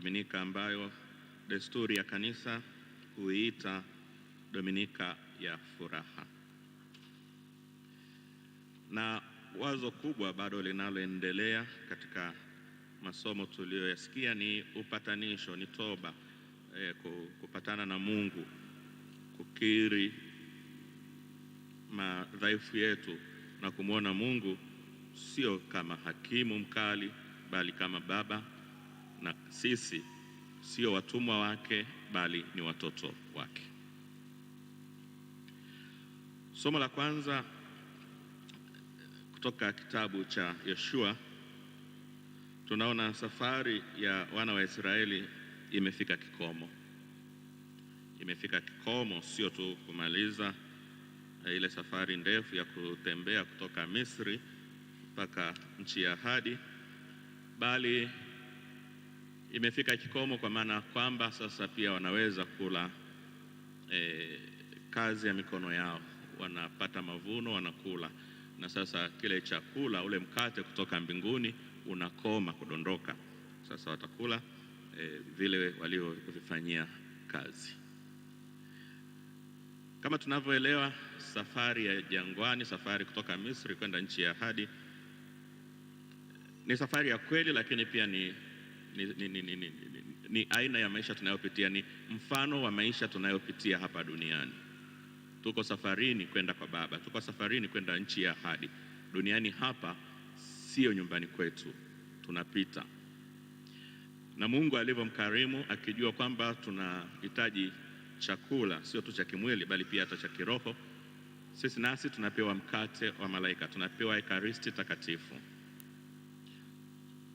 Dominika ambayo desturi ya kanisa huiita Dominika ya furaha. Na wazo kubwa bado linaloendelea katika masomo tuliyoyasikia ni upatanisho, ni toba, eh, kupatana na Mungu, kukiri madhaifu yetu na kumwona Mungu sio kama hakimu mkali, bali kama baba na sisi sio watumwa wake bali ni watoto wake. Somo la kwanza kutoka kitabu cha Yoshua, tunaona safari ya wana wa Israeli imefika kikomo. Imefika kikomo, sio tu kumaliza eh, ile safari ndefu ya kutembea kutoka Misri mpaka nchi ya ahadi, bali imefika kikomo, kwa maana kwamba sasa pia wanaweza kula e, kazi ya mikono yao, wanapata mavuno, wanakula na sasa kile chakula, ule mkate kutoka mbinguni unakoma kudondoka. Sasa watakula e, vile walivyovifanyia kazi. Kama tunavyoelewa, safari ya jangwani, safari kutoka Misri kwenda nchi ya ahadi ni safari ya kweli, lakini pia ni ni, ni, ni, ni, ni, ni aina ya maisha tunayopitia, ni mfano wa maisha tunayopitia hapa duniani. Tuko safarini kwenda kwa Baba, tuko safarini kwenda nchi ya ahadi. Duniani hapa sio nyumbani kwetu, tunapita. Na Mungu alivyomkarimu, akijua kwamba tunahitaji chakula sio tu cha kimwili, bali pia hata cha kiroho, sisi nasi tunapewa mkate wa malaika, tunapewa Ekaristi Takatifu.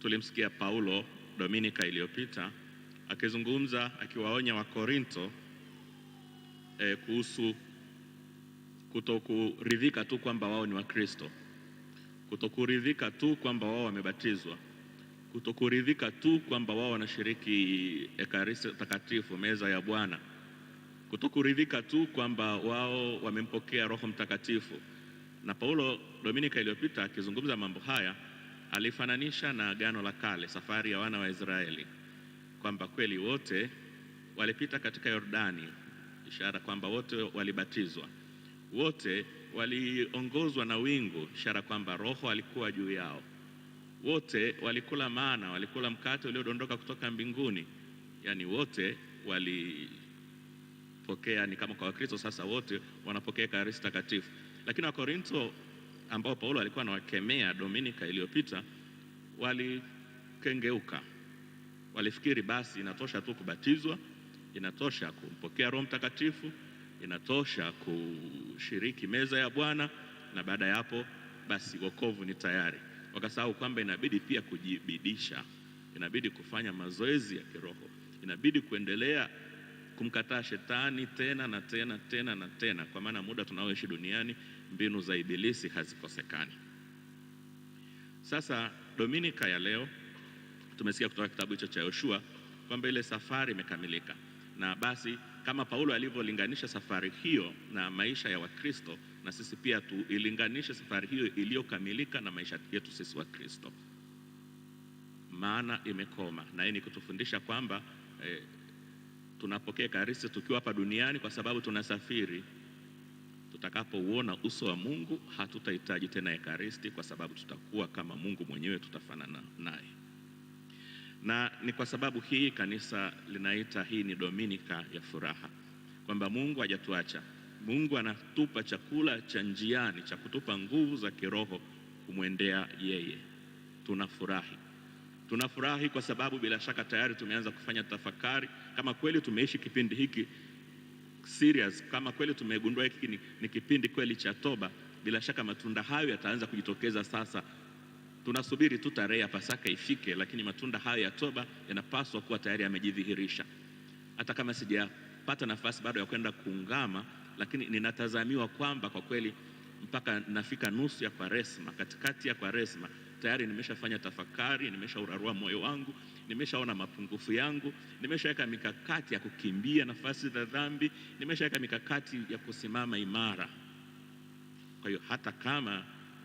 Tulimsikia Paulo Dominika iliyopita akizungumza akiwaonya Wakorinto eh, kuhusu kutokuridhika tu kwamba wao ni Wakristo, kutokuridhika tu kwamba wao wamebatizwa, kutokuridhika tu kwamba wao wanashiriki Ekaristi Takatifu, meza ya Bwana, kutokuridhika tu kwamba wao wamempokea Roho Mtakatifu. Na Paulo Dominika iliyopita akizungumza mambo haya Alifananisha na Agano la Kale, safari ya wana wa Israeli, kwamba kweli wote walipita katika Yordani, ishara kwamba wote walibatizwa, wote waliongozwa na wingu, ishara kwamba Roho alikuwa juu yao, wote walikula mana, walikula mkate uliodondoka kutoka mbinguni, yaani wote walipokea. Ni kama kwa Wakristo sasa, wote wanapokea Ekaristi Takatifu, lakini Wakorintho ambao Paulo alikuwa anawakemea Dominika iliyopita walikengeuka, walifikiri basi inatosha tu kubatizwa, inatosha kumpokea Roho Mtakatifu, inatosha kushiriki meza ya Bwana na baada ya hapo basi wokovu ni tayari. Wakasahau kwamba inabidi pia kujibidisha, inabidi kufanya mazoezi ya kiroho, inabidi kuendelea kumkataa shetani tena na tena tena na tena, kwa maana muda tunaoishi duniani mbinu za ibilisi hazikosekani. Sasa Dominika ya leo tumesikia kutoka kitabu hicho cha Yoshua kwamba ile safari imekamilika, na basi kama Paulo alivyolinganisha safari hiyo na maisha ya Wakristo, na sisi pia tuilinganishe safari hiyo iliyokamilika na maisha yetu sisi Wakristo, maana imekoma. Na hii ni kutufundisha kwamba eh, tunapokea Ekaristi tukiwa hapa duniani kwa sababu tunasafiri Tutakapouona uso wa Mungu hatutahitaji tena Ekaristi kwa sababu tutakuwa kama Mungu mwenyewe, tutafanana naye. Na ni kwa sababu hii kanisa linaita hii ni Dominika ya furaha, kwamba Mungu hajatuacha. Mungu anatupa chakula cha njiani cha kutupa nguvu za kiroho kumwendea yeye. Tunafurahi, tunafurahi kwa sababu bila shaka tayari tumeanza kufanya tafakari kama kweli tumeishi kipindi hiki serious, kama kweli tumegundua hiki ni, ni kipindi kweli cha toba, bila shaka matunda hayo yataanza kujitokeza sasa. Tunasubiri tu tarehe ya Pasaka ifike, lakini matunda hayo ya toba yanapaswa kuwa tayari yamejidhihirisha. Hata kama sijapata nafasi bado ya kwenda kuungama, lakini ninatazamiwa kwamba kwa kweli mpaka nafika nusu ya Kwaresma, katikati ya Kwaresma, tayari nimeshafanya tafakari, nimeshaurarua moyo wangu nimeshaona mapungufu yangu, nimeshaweka mikakati ya kukimbia nafasi za dhambi, nimeshaweka mikakati ya kusimama imara. Kwa hiyo hata kama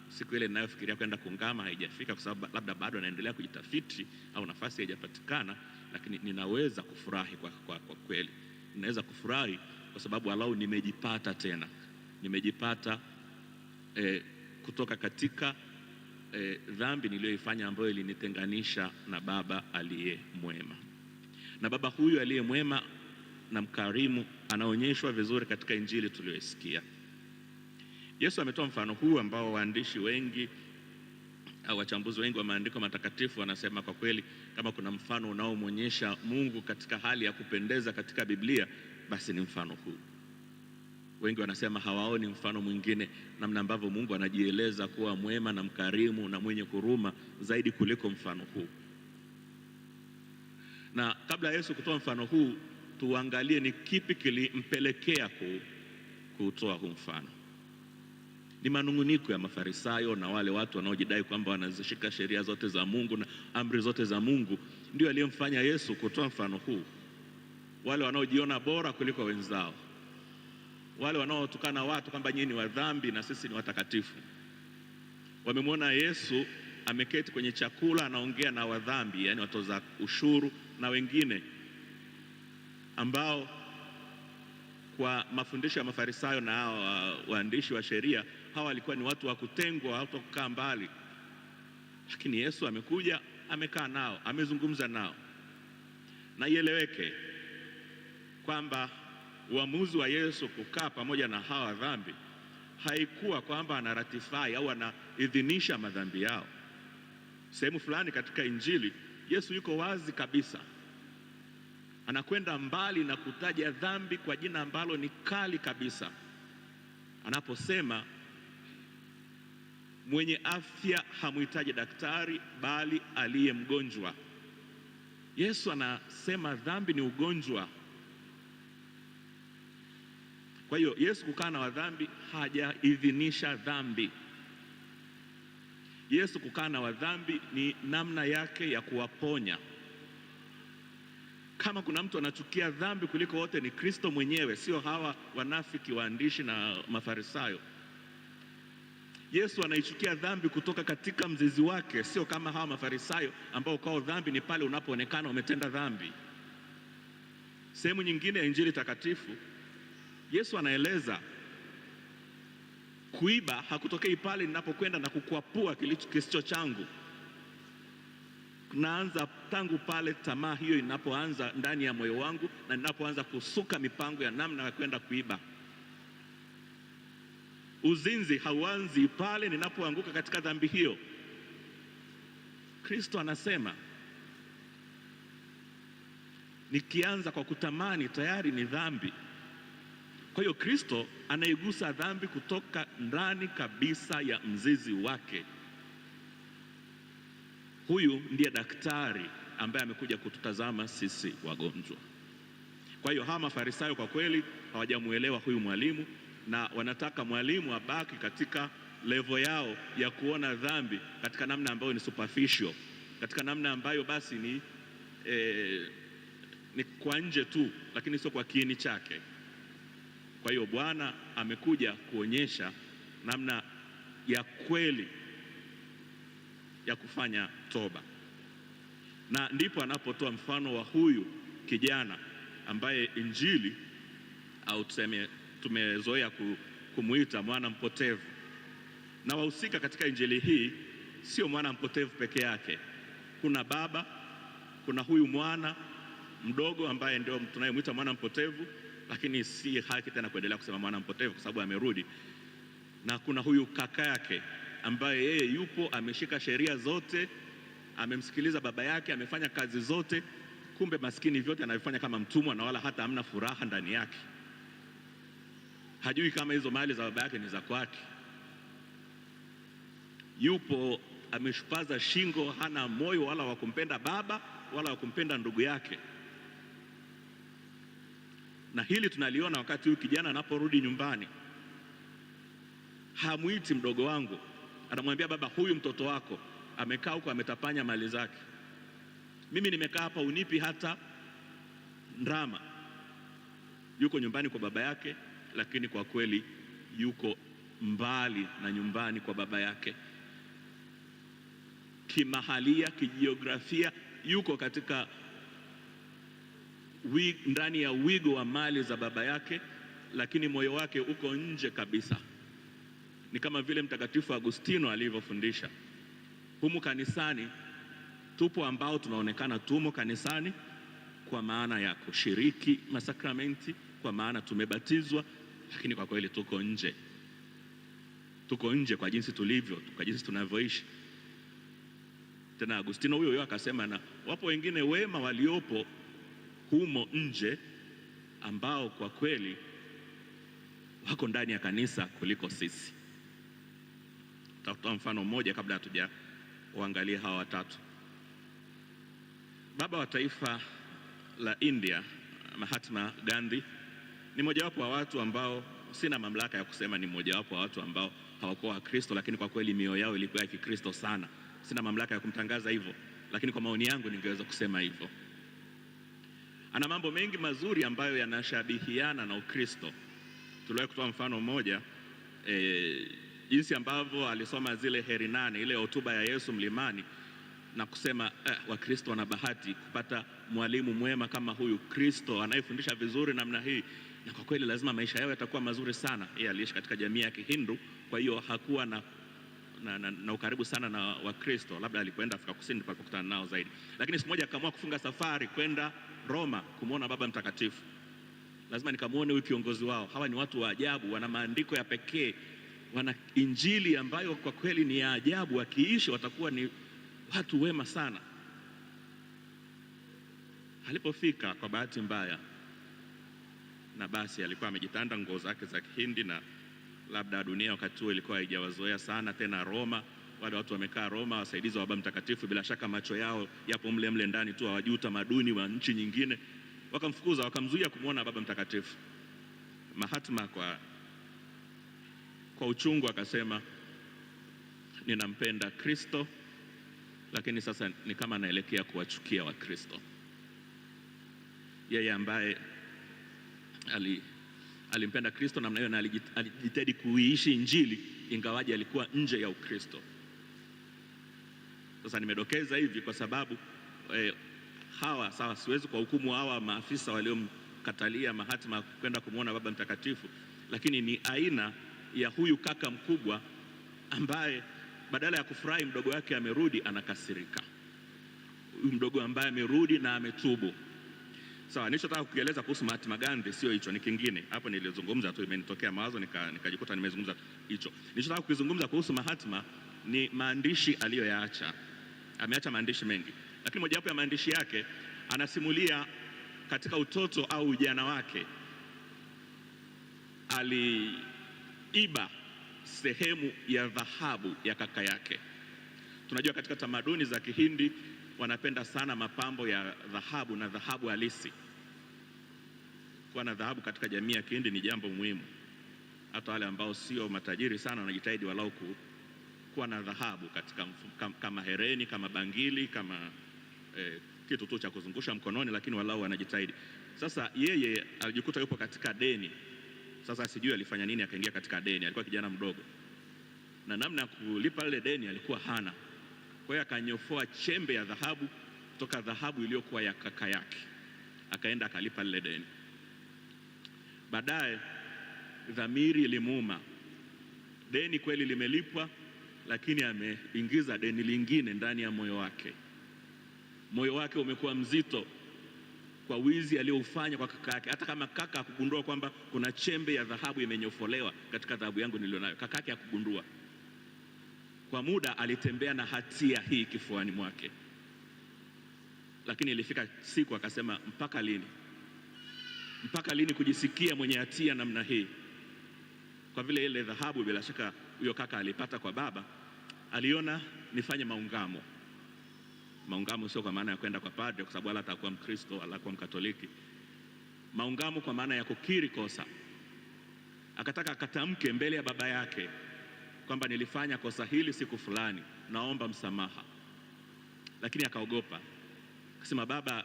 siku ile ninayofikiria kwenda kungama haijafika, kwa sababu labda bado anaendelea kujitafiti au nafasi haijapatikana, lakini ninaweza kufurahi kwa, kwa, kwa kweli ninaweza kufurahi kwa sababu alau nimejipata tena, nimejipata eh, kutoka katika eh, dhambi niliyoifanya ambayo ilinitenganisha na baba aliye mwema. Na baba huyu aliye mwema na mkarimu anaonyeshwa vizuri katika injili tuliyoisikia. Yesu ametoa mfano huu ambao waandishi wengi au wachambuzi wengi wa maandiko matakatifu wanasema kwa kweli, kama kuna mfano unaomwonyesha Mungu katika hali ya kupendeza katika Biblia, basi ni mfano huu wengi wanasema hawaoni mfano mwingine namna ambavyo Mungu anajieleza kuwa mwema na mkarimu na mwenye kuruma zaidi kuliko mfano huu. Na kabla ya Yesu kutoa mfano huu, tuangalie ni kipi kilimpelekea kutoa huu mfano. Ni manung'uniko ya Mafarisayo na wale watu wanaojidai kwamba wanazishika sheria zote za Mungu na amri zote za Mungu, ndio aliyemfanya Yesu kutoa mfano huu, wale wanaojiona bora kuliko wenzao wale wanaotukana watu kwamba nyinyi ni wa dhambi na sisi ni watakatifu. Wamemwona Yesu ameketi kwenye chakula anaongea na wadhambi, yani watoza ushuru na wengine ambao kwa mafundisho ya Mafarisayo na hao waandishi wa sheria, hawa walikuwa ni watu wa kutengwa, watu wa kukaa mbali, lakini Yesu amekuja amekaa nao, amezungumza nao, na ieleweke kwamba Uamuzi wa Yesu kukaa pamoja na hawa dhambi haikuwa kwamba anaratifai au anaidhinisha madhambi yao. Sehemu fulani katika Injili Yesu yuko wazi kabisa, anakwenda mbali na kutaja dhambi kwa jina ambalo ni kali kabisa, anaposema mwenye afya hamhitaji daktari bali aliye mgonjwa. Yesu anasema dhambi ni ugonjwa kwa hiyo Yesu kukaa na wadhambi hajaidhinisha dhambi. Yesu kukaa na wadhambi ni namna yake ya kuwaponya. Kama kuna mtu anachukia dhambi kuliko wote ni Kristo mwenyewe, sio hawa wanafiki waandishi na Mafarisayo. Yesu anaichukia dhambi kutoka katika mzizi wake, sio kama hawa Mafarisayo ambao kwao dhambi ni pale unapoonekana umetenda dhambi. Sehemu nyingine ya Injili takatifu Yesu anaeleza kuiba hakutokei pale ninapokwenda na kukwapua kisicho changu. Kunaanza tangu pale tamaa hiyo inapoanza ndani ya moyo wangu na ninapoanza kusuka mipango ya namna ya kwenda kuiba. Uzinzi hauanzi pale ninapoanguka katika dhambi hiyo. Kristo anasema nikianza kwa kutamani tayari ni dhambi. Kwa hiyo Kristo anaigusa dhambi kutoka ndani kabisa ya mzizi wake. Huyu ndiye daktari ambaye amekuja kututazama sisi wagonjwa. Kwa hiyo hawa Mafarisayo kwa kweli hawajamuelewa huyu mwalimu, na wanataka mwalimu abaki katika levo yao ya kuona dhambi katika namna ambayo ni superficial, katika namna ambayo basi ni, eh, ni kwa nje tu, lakini sio kwa kiini chake. Kwa hiyo Bwana amekuja kuonyesha namna ya kweli ya kufanya toba, na ndipo anapotoa mfano wa huyu kijana ambaye Injili au tuseme tumezoea kumwita mwana mpotevu. Na wahusika katika injili hii sio mwana mpotevu peke yake, kuna baba, kuna huyu mwana mdogo ambaye ndio tunayemwita mwana mpotevu lakini si haki tena kuendelea kusema mwana mpotevu kwa sababu amerudi. Na kuna huyu kaka yake ambaye yeye yupo ameshika sheria zote, amemsikiliza baba yake, amefanya kazi zote, kumbe maskini vyote anavifanya kama mtumwa, na wala hata hamna furaha ndani yake. Hajui kama hizo mali za baba yake ni za kwake. Yupo ameshupaza shingo, hana moyo wala wa kumpenda baba wala wa kumpenda ndugu yake na hili tunaliona wakati huyu kijana anaporudi nyumbani, hamwiti mdogo wangu, anamwambia baba, huyu mtoto wako amekaa huko ametapanya mali zake, mimi nimekaa hapa, unipi hata ndrama Yuko nyumbani kwa baba yake, lakini kwa kweli yuko mbali na nyumbani kwa baba yake. Kimahalia, kijiografia, yuko katika ndani ya wigo wa mali za baba yake, lakini moyo wake uko nje kabisa. Ni kama vile Mtakatifu Agustino alivyofundisha. Humu kanisani tupo ambao tunaonekana tumo kanisani kwa maana ya kushiriki masakramenti, kwa maana tumebatizwa, lakini kwa kweli tuko nje, tuko nje kwa jinsi tulivyo, kwa jinsi tunavyoishi. Tena Agustino huyo huyo akasema, na wapo wengine wema waliopo humo nje ambao kwa kweli wako ndani ya kanisa kuliko sisi. Tutatoa mfano mmoja kabla hatuja uangalia hawa watatu. Baba wa taifa la India Mahatma Gandhi ni mojawapo wa watu ambao, sina mamlaka ya kusema ni mojawapo wa watu ambao hawakuwa Wakristo, lakini kwa kweli mioyo yao ilikuwa ya Kikristo sana. Sina mamlaka ya kumtangaza hivyo, lakini kwa maoni yangu ningeweza kusema hivyo ana mambo mengi mazuri ambayo yanashabihiana na Ukristo. Tuliwahi kutoa mfano mmoja e, jinsi ambavyo alisoma zile heri nane, ile hotuba ya Yesu mlimani na kusema eh, Wakristo wana bahati kupata mwalimu mwema kama huyu Kristo anayefundisha vizuri namna hii, na kwa kweli lazima maisha yao yatakuwa mazuri sana. Yeye aliishi katika jamii ya Kihindu, kwa hiyo hakuwa na na, na, na ukaribu sana na Wakristo, labda alipoenda Afrika Kusini palipokutana nao zaidi. Lakini siku moja akaamua kufunga safari kwenda Roma kumwona Baba Mtakatifu. Lazima nikamwone huyu kiongozi wao. Hawa ni watu wa ajabu, wana maandiko ya pekee, wana injili ambayo kwa kweli ni ya ajabu. Wakiishi watakuwa ni watu wema sana. Alipofika kwa bahati mbaya na basi, alikuwa amejitanda nguo zake za Kihindi na labda dunia wakati huo ilikuwa haijawazoea sana, tena Roma, wale watu wamekaa Roma, wasaidizi wa Baba Mtakatifu, bila shaka macho yao yapo mle mle ndani tu, hawajui utamaduni wa nchi nyingine. Wakamfukuza, wakamzuia kumwona Baba Mtakatifu. Mahatma kwa, kwa uchungu akasema, ninampenda Kristo lakini sasa ni kama anaelekea kuwachukia Wakristo. Yeye ambaye ali alimpenda Kristo namna hiyo na alijitahidi kuiishi Injili ingawaji alikuwa nje ya Ukristo. Sasa nimedokeza hivi kwa sababu eh, hawa sawa, siwezi kwa hukumu hawa maafisa waliomkatalia mahatima kwenda kumwona Baba Mtakatifu, lakini ni aina ya huyu kaka mkubwa ambaye badala ya kufurahi mdogo wake amerudi, anakasirika. Huyu mdogo ambaye amerudi na ametubu Sawa, so, nilichotaka kukieleza kuhusu Mahatma Gandhi sio hicho, ni kingine. Hapo nilizungumza tu, imenitokea mawazo nikajikuta nika nimezungumza hicho. Nilichotaka kukizungumza kuhusu Mahatma ni maandishi aliyoyaacha. Ameacha maandishi mengi, lakini mojawapo ya maandishi yake anasimulia katika utoto au ujana wake aliiba sehemu ya dhahabu ya kaka yake. Tunajua katika tamaduni za Kihindi wanapenda sana mapambo ya dhahabu na dhahabu halisi. Kuwa na dhahabu katika jamii ya Kihindi ni jambo muhimu. Hata wale ambao sio matajiri sana wanajitahidi walau kuwa na dhahabu katika kama hereni, kama bangili, kama eh, kitu tu cha kuzungusha mkononi, lakini walau wanajitahidi. Sasa yeye alijikuta yupo katika deni. Sasa sijui alifanya nini akaingia katika deni. Alikuwa kijana mdogo na namna ya kulipa lile deni alikuwa hana kwa hiyo akanyofoa chembe ya dhahabu kutoka dhahabu iliyokuwa ya kaka yake, akaenda akalipa lile deni. Baadaye dhamiri ilimuuma, deni kweli limelipwa, lakini ameingiza deni lingine ndani ya moyo wake. Moyo wake umekuwa mzito kwa wizi aliyoufanya kwa kaka yake, hata kama kaka hakugundua kwamba kuna chembe ya dhahabu imenyofolewa katika dhahabu yangu nilionayo. Kaka yake hakugundua. Kwa muda alitembea na hatia hii kifuani mwake, lakini ilifika siku akasema, mpaka lini? Mpaka lini kujisikia mwenye hatia namna hii? Kwa vile ile dhahabu bila shaka huyo kaka alipata kwa baba, aliona nifanye maungamo. Maungamo sio kwa maana ya kwenda kwa padre, kwa sababu wala atakuwa Mkristo wala kuwa Mkatoliki. Maungamo kwa maana ya kukiri kosa, akataka akatamke mbele ya baba yake kwamba nilifanya kosa hili siku fulani, naomba msamaha. Lakini akaogopa akasema, baba,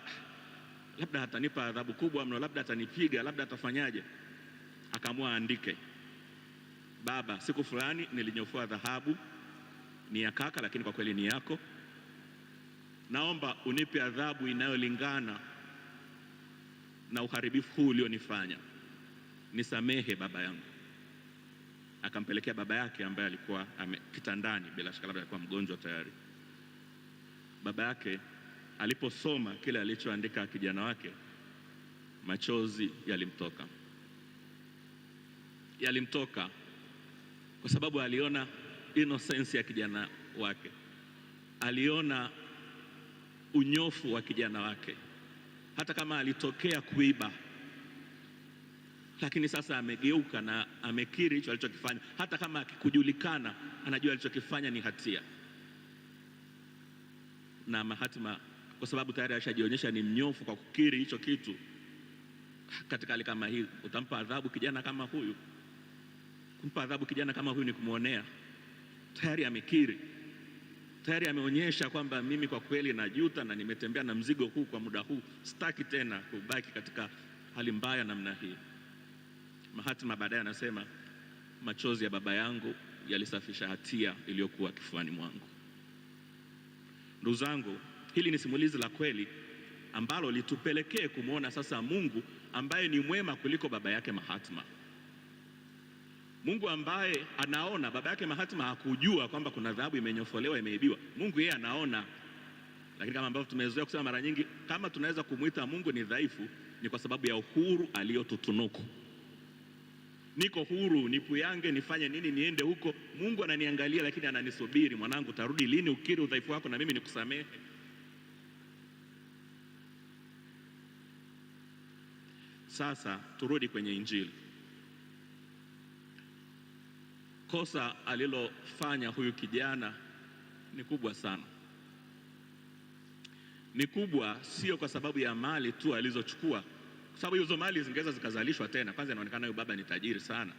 labda atanipa adhabu kubwa mno, labda atanipiga, labda atafanyaje. Akaamua aandike, baba, siku fulani nilinyofua dhahabu, ni ya kaka, lakini kwa kweli ni yako, naomba unipe adhabu inayolingana na uharibifu huu ulionifanya, nisamehe baba yangu akampelekea baba yake ambaye alikuwa kitandani, bila shaka labda alikuwa mgonjwa tayari. Baba yake aliposoma kile alichoandika kijana wake, machozi yalimtoka, yalimtoka kwa sababu aliona innocence ya kijana wake, aliona unyofu wa kijana wake, hata kama alitokea kuiba lakini sasa amegeuka na amekiri hicho alichokifanya. Hata kama akikujulikana, anajua alichokifanya ni hatia na mahatima, kwa sababu tayari ashajionyesha ni mnyofu kwa kukiri hicho kitu. Katika hali kama hii, utampa adhabu kijana kama huyu? Kumpa adhabu kijana kama huyu ni kumwonea. Tayari amekiri, tayari ameonyesha kwamba mimi kwa kweli najuta na nimetembea na mzigo huu kwa muda huu, sitaki tena kubaki katika hali mbaya namna hii. Mahatma baadaye anasema machozi ya baba yangu yalisafisha hatia iliyokuwa kifuani mwangu. Ndugu zangu, hili ni simulizi la kweli ambalo litupelekee kumwona sasa Mungu ambaye ni mwema kuliko baba yake Mahatma. Mungu ambaye anaona, baba yake Mahatma hakujua kwamba kuna dhahabu imenyofolewa imeibiwa. Mungu yeye anaona, lakini kama ambavyo tumezoea kusema mara nyingi, kama tunaweza kumwita Mungu ni dhaifu, ni kwa sababu ya uhuru aliyotutunuku niko huru, nipuyange, nifanye nini, niende huko. Mungu ananiangalia, lakini ananisubiri. Mwanangu, utarudi lini? Ukiri udhaifu wako na mimi nikusamehe. Sasa turudi kwenye Injili. Kosa alilofanya huyu kijana ni kubwa sana. Ni kubwa sio kwa sababu ya mali tu alizochukua kwa sababu hizo mali zingeweza zikazalishwa tena. Kwanza inaonekana huyu baba ni tajiri sana,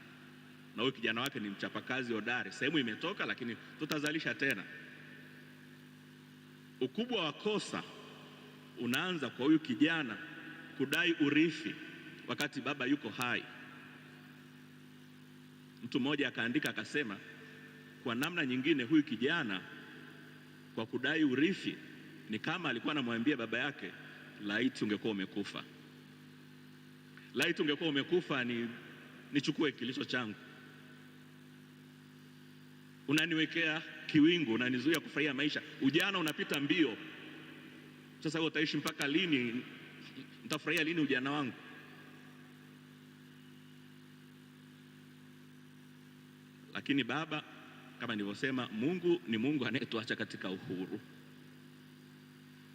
na huyu kijana wake ni mchapakazi hodari, sehemu imetoka, lakini tutazalisha tena. Ukubwa wa kosa unaanza kwa huyu kijana kudai urithi wakati baba yuko hai. Mtu mmoja akaandika akasema, kwa namna nyingine huyu kijana kwa kudai urithi ni kama alikuwa anamwambia baba yake, laiti ungekuwa umekufa laiti ungekuwa umekufa ni nichukue kilicho changu. Unaniwekea kiwingu, unanizuia kufurahia maisha. Ujana unapita mbio. Sasa wewe utaishi mpaka lini? Nitafurahia lini ujana wangu? Lakini Baba, kama nilivyosema, Mungu ni Mungu anayetuacha katika uhuru.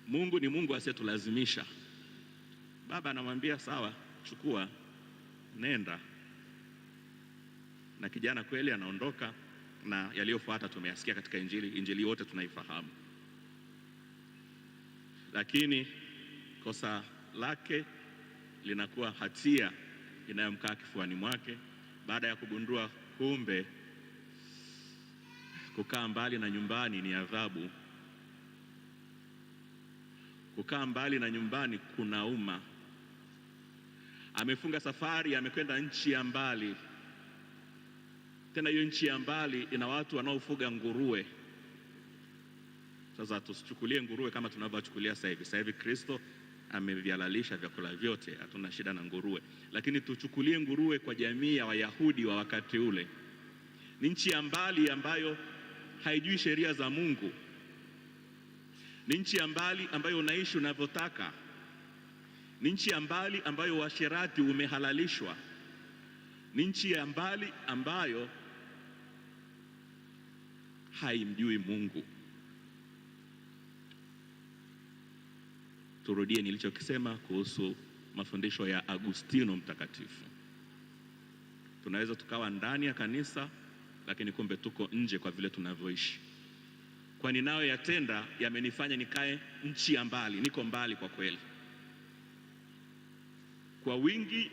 Mungu ni Mungu asiyetulazimisha. Baba anamwambia sawa chukua, nenda. Na kijana kweli anaondoka, na yaliyofuata tumeyasikia katika Injili. Injili yote tunaifahamu, lakini kosa lake linakuwa hatia inayomkaa kifuani mwake baada ya kugundua kumbe kukaa mbali na nyumbani ni adhabu. Kukaa mbali na nyumbani kunauma amefunga safari, amekwenda nchi ya mbali. Tena hiyo nchi ya mbali ina watu wanaofuga nguruwe. Sasa tusichukulie nguruwe kama tunavyochukulia sasa hivi. Sasa hivi Kristo amevihalalisha vyakula vyote, hatuna shida na nguruwe, lakini tuchukulie nguruwe kwa jamii ya Wayahudi wa wakati ule. Ni nchi ya mbali ambayo haijui sheria za Mungu, ni nchi ya mbali ambayo unaishi unavyotaka ni nchi ya mbali ambayo uasherati umehalalishwa, ni nchi ya mbali ambayo haimjui Mungu. Turudie nilichokisema kuhusu mafundisho ya Agustino mtakatifu. Tunaweza tukawa ndani ya kanisa lakini kumbe tuko nje kwa vile tunavyoishi, kwani nayo yatenda yamenifanya nikae nchi ya mbali, niko mbali kwa kweli kwa wingi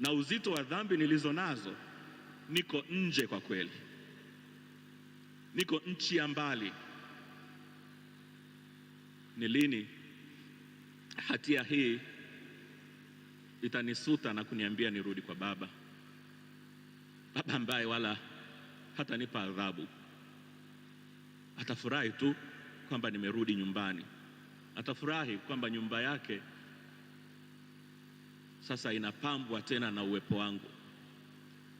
na uzito wa dhambi nilizo nazo, niko nje kwa kweli, niko nchi ya mbali. Ni lini hatia hii itanisuta na kuniambia nirudi kwa Baba, Baba ambaye wala hatanipa adhabu? Atafurahi tu kwamba nimerudi nyumbani, atafurahi kwamba nyumba yake sasa inapambwa tena na uwepo wangu.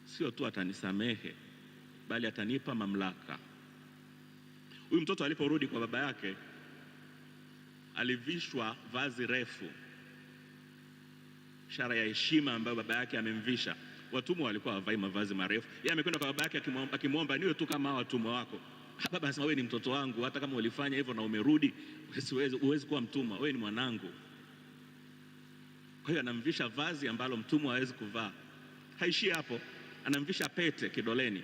Sio tu atanisamehe, bali atanipa mamlaka. Huyu mtoto aliporudi kwa baba yake alivishwa vazi refu, ishara ya heshima ambayo baba yake amemvisha. Watumwa walikuwa wavai mavazi marefu. Yeye amekwenda kwa baba yake akimwomba, niwe tu kama hao watumwa wako. Ha, baba anasema, wewe ni mtoto wangu, hata kama ulifanya hivyo na umerudi, huwezi kuwa mtumwa, wewe ni mwanangu. Kwa hiyo anamvisha vazi ambalo mtumwa hawezi kuvaa. Haishii hapo, anamvisha pete kidoleni.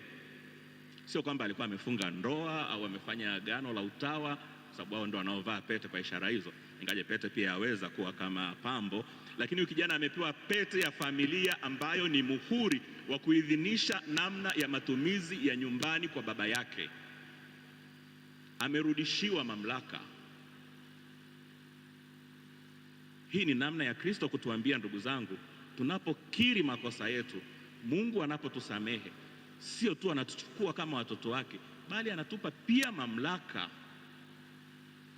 Sio kwamba alikuwa amefunga ndoa au amefanya agano la utawa, kwa sababu wao ndo wanaovaa pete kwa ishara hizo, ingaje pete pia yaweza kuwa kama pambo, lakini huyu kijana amepewa pete ya familia ambayo ni muhuri wa kuidhinisha namna ya matumizi ya nyumbani kwa baba yake. Amerudishiwa mamlaka. Hii ni namna ya Kristo kutuambia, ndugu zangu, tunapokiri makosa yetu, Mungu anapotusamehe sio tu anatuchukua kama watoto wake, bali anatupa pia mamlaka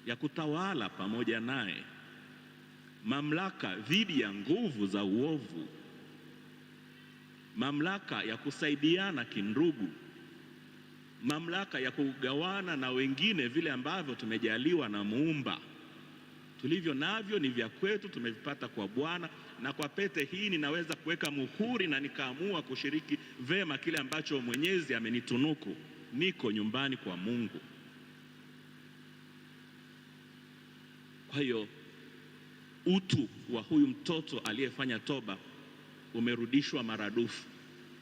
ya kutawala pamoja naye, mamlaka dhidi ya nguvu za uovu, mamlaka ya kusaidiana kindugu, mamlaka ya kugawana na wengine vile ambavyo tumejaliwa na Muumba tulivyo navyo ni vya kwetu, tumevipata kwa Bwana. Na kwa pete hii ninaweza kuweka muhuri na nikaamua kushiriki vema kile ambacho Mwenyezi amenitunuku. Niko nyumbani kwa Mungu. Kwa hiyo utu wa huyu mtoto aliyefanya toba umerudishwa maradufu,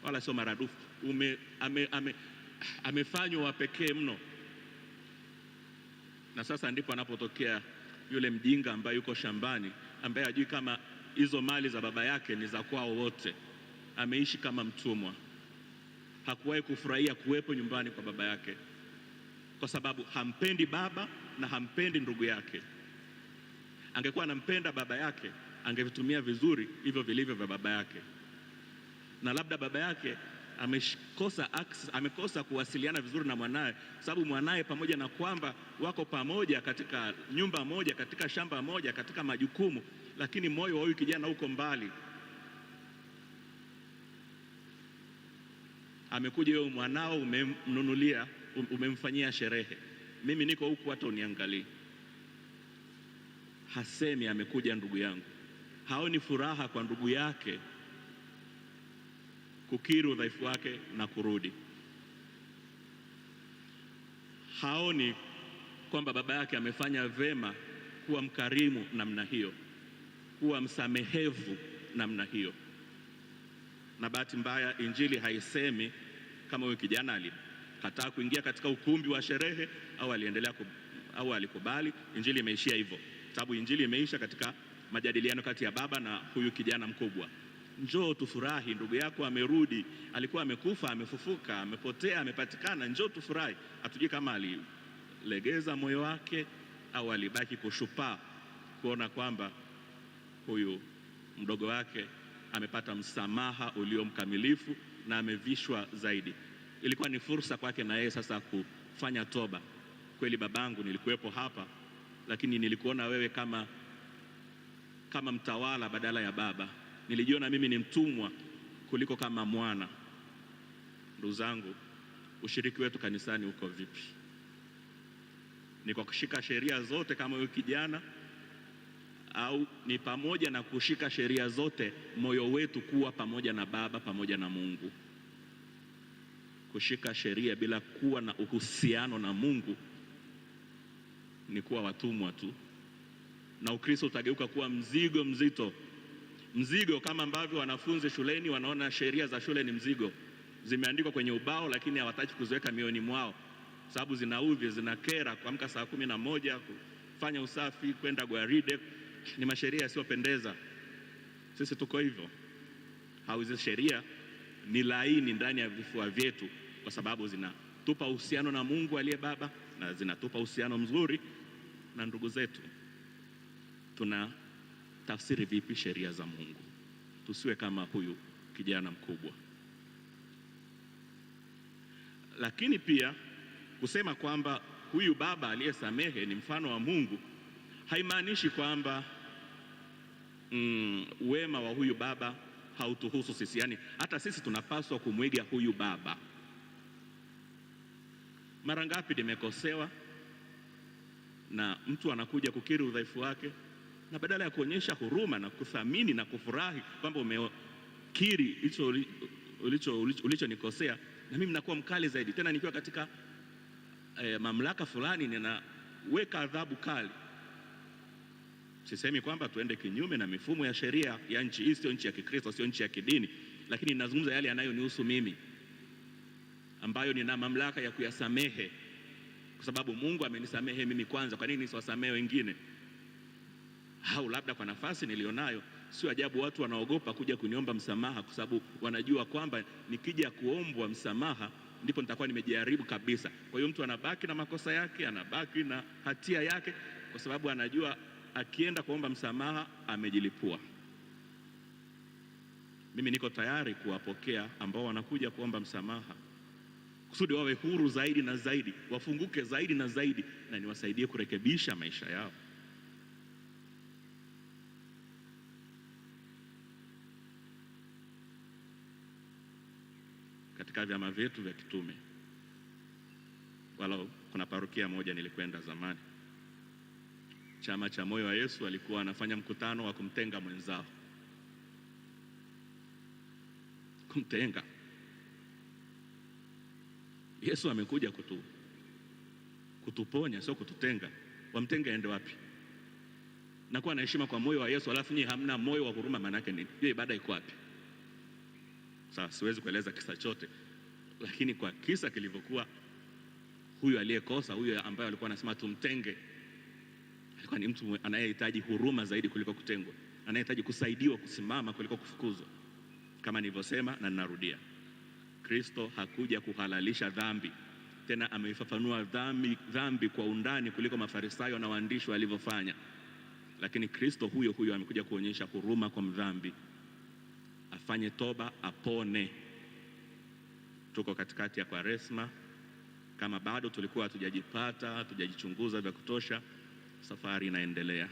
wala sio maradufu, ume, ame, ame, amefanywa wa pekee mno, na sasa ndipo anapotokea yule mjinga ambaye yuko shambani ambaye hajui kama hizo mali za baba yake ni za kwao wote. Ameishi kama mtumwa, hakuwahi kufurahia kuwepo nyumbani kwa baba yake, kwa sababu hampendi baba na hampendi ndugu yake. Angekuwa anampenda baba yake, angevitumia vizuri hivyo vilivyo vya baba yake, na labda baba yake amekosa access, amekosa kuwasiliana vizuri na mwanaye, kwa sababu mwanaye pamoja na kwamba wako pamoja katika nyumba moja, katika shamba moja, katika majukumu, lakini moyo wa huyu kijana uko mbali. Amekuja huyo mwanao, umemnunulia, um, umemfanyia sherehe, mimi niko huku, hata uniangalie. Hasemi amekuja ndugu yangu, haoni furaha kwa ndugu yake kukiri udhaifu wake na kurudi. Haoni kwamba baba yake amefanya vema kuwa mkarimu namna hiyo, kuwa msamehevu namna hiyo. Na bahati mbaya, Injili haisemi kama huyu kijana alikataa kuingia katika ukumbi wa sherehe au aliendelea au alikubali. Injili imeishia hivyo, sababu Injili imeisha katika majadiliano kati ya baba na huyu kijana mkubwa njoo tufurahi, ndugu yako amerudi, alikuwa amekufa, amefufuka, amepotea, amepatikana, njoo tufurahi. Hatujui kama alilegeza moyo wake au alibaki kushupaa kuona kwamba huyu mdogo wake amepata msamaha ulio mkamilifu na amevishwa zaidi. Ilikuwa ni fursa kwake na yeye sasa kufanya toba. Kweli babangu, nilikuwepo hapa, lakini nilikuona wewe kama, kama mtawala badala ya baba nilijiona mimi ni mtumwa kuliko kama mwana. Ndugu zangu, ushiriki wetu kanisani uko vipi? Ni kwa kushika sheria zote kama huyo kijana, au ni pamoja na kushika sheria zote, moyo wetu kuwa pamoja na Baba, pamoja na Mungu? Kushika sheria bila kuwa na uhusiano na Mungu ni kuwa watumwa tu, na Ukristo utageuka kuwa mzigo mzito mzigo, kama ambavyo wanafunzi shuleni wanaona sheria za shule ni mzigo, zimeandikwa kwenye ubao, lakini hawataki kuziweka mioyoni mwao, sababu zina zinakera. Kuamka saa kumi na moja, kufanya usafi, kwenda gwaride, ni masheria yasiyopendeza. Sisi tuko hivyo, hauzi sheria ni laini ndani ya vifua vyetu, kwa sababu zinatupa uhusiano na Mungu aliye Baba na zinatupa uhusiano mzuri na ndugu zetu tuna tafsiri vipi sheria za Mungu. Tusiwe kama huyu kijana mkubwa. Lakini pia kusema kwamba huyu baba aliyesamehe ni mfano wa Mungu haimaanishi kwamba mm, wema wa huyu baba hautuhusu sisi. Yaani hata sisi tunapaswa kumwiga huyu baba. Mara ngapi nimekosewa na mtu anakuja kukiri udhaifu wake na badala ya kuonyesha huruma na kuthamini na kufurahi kwamba umekiri hicho ulichonikosea, na mimi nakuwa mkali zaidi, tena nikiwa katika eh, mamlaka fulani ninaweka adhabu kali. Sisemi kwamba tuende kinyume na mifumo ya sheria ya nchi hii, sio nchi ya Kikristo, sio nchi ya kidini, lakini ninazungumza yale yanayonihusu mimi, ambayo nina mamlaka ya kuyasamehe, kwa sababu Mungu amenisamehe mimi kwanza. Kwa nini nisiwasamehe wengine? au labda kwa nafasi nilionayo, sio ajabu watu wanaogopa kuja kuniomba msamaha, kwa sababu wanajua kwamba nikija kuombwa msamaha ndipo nitakuwa nimejaribu kabisa. Kwa hiyo mtu anabaki na makosa yake, anabaki na hatia yake, kwa sababu anajua akienda kuomba msamaha amejilipua. Mimi niko tayari kuwapokea ambao wanakuja kuomba msamaha kusudi wawe huru zaidi na zaidi, wafunguke zaidi na zaidi, na niwasaidie kurekebisha maisha yao. katika vyama vyetu vya kitume. Wala kuna parokia moja nilikwenda zamani, chama cha Moyo wa Yesu alikuwa anafanya mkutano wa kumtenga mwenzao, kumtenga Yesu amekuja kutu, kutuponya sio kututenga. Wamtenga aende wapi? Nakuwa na heshima kwa moyo wa Yesu, alafu nyinyi hamna moyo wa huruma, maana yake nini? Hiyo ibada iko wapi? Sasa siwezi kueleza kisa chote lakini kwa kisa kilivyokuwa, huyu aliyekosa, huyu ambaye alikuwa anasema tumtenge, alikuwa ni mtu anayehitaji huruma zaidi kuliko kutengwa, anayehitaji kusaidiwa kusimama kuliko kufukuzwa. Kama nilivyosema na ninarudia, Kristo hakuja kuhalalisha dhambi, tena ameifafanua dhambi, dhambi kwa undani kuliko Mafarisayo na waandishi walivyofanya. Lakini Kristo huyo huyo amekuja kuonyesha huruma kwa mdhambi, afanye toba, apone tuko katikati ya Kwaresma. Kama bado tulikuwa hatujajipata, hatujajichunguza vya kutosha, safari inaendelea,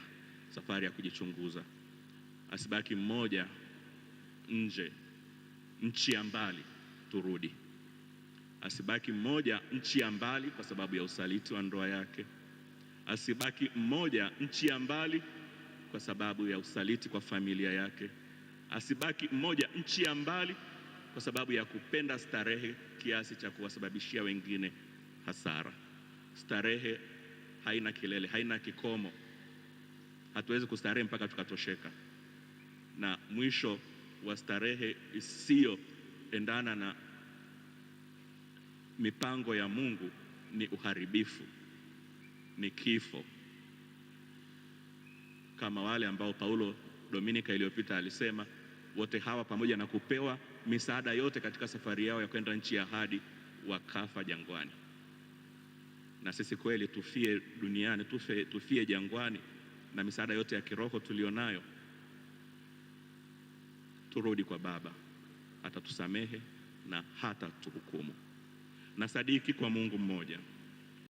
safari ya kujichunguza. Asibaki mmoja nje nchi ya mbali, turudi. Asibaki mmoja nchi ya mbali kwa sababu ya usaliti wa ndoa yake. Asibaki mmoja nchi ya mbali kwa sababu ya usaliti kwa familia yake. Asibaki mmoja nchi ya mbali kwa sababu ya kupenda starehe kiasi cha kuwasababishia wengine hasara. Starehe haina kilele, haina kikomo. Hatuwezi kustarehe mpaka tukatosheka, na mwisho wa starehe isiyoendana na mipango ya Mungu ni uharibifu, ni kifo, kama wale ambao Paulo Dominika iliyopita alisema wote hawa pamoja na kupewa misaada yote katika safari yao ya kwenda nchi ya ahadi, wakafa jangwani. Na sisi kweli tufie duniani, tufie, tufie jangwani na misaada yote ya kiroho tulionayo, turudi kwa Baba, atatusamehe na hata tuhukumu. Na sadiki kwa Mungu mmoja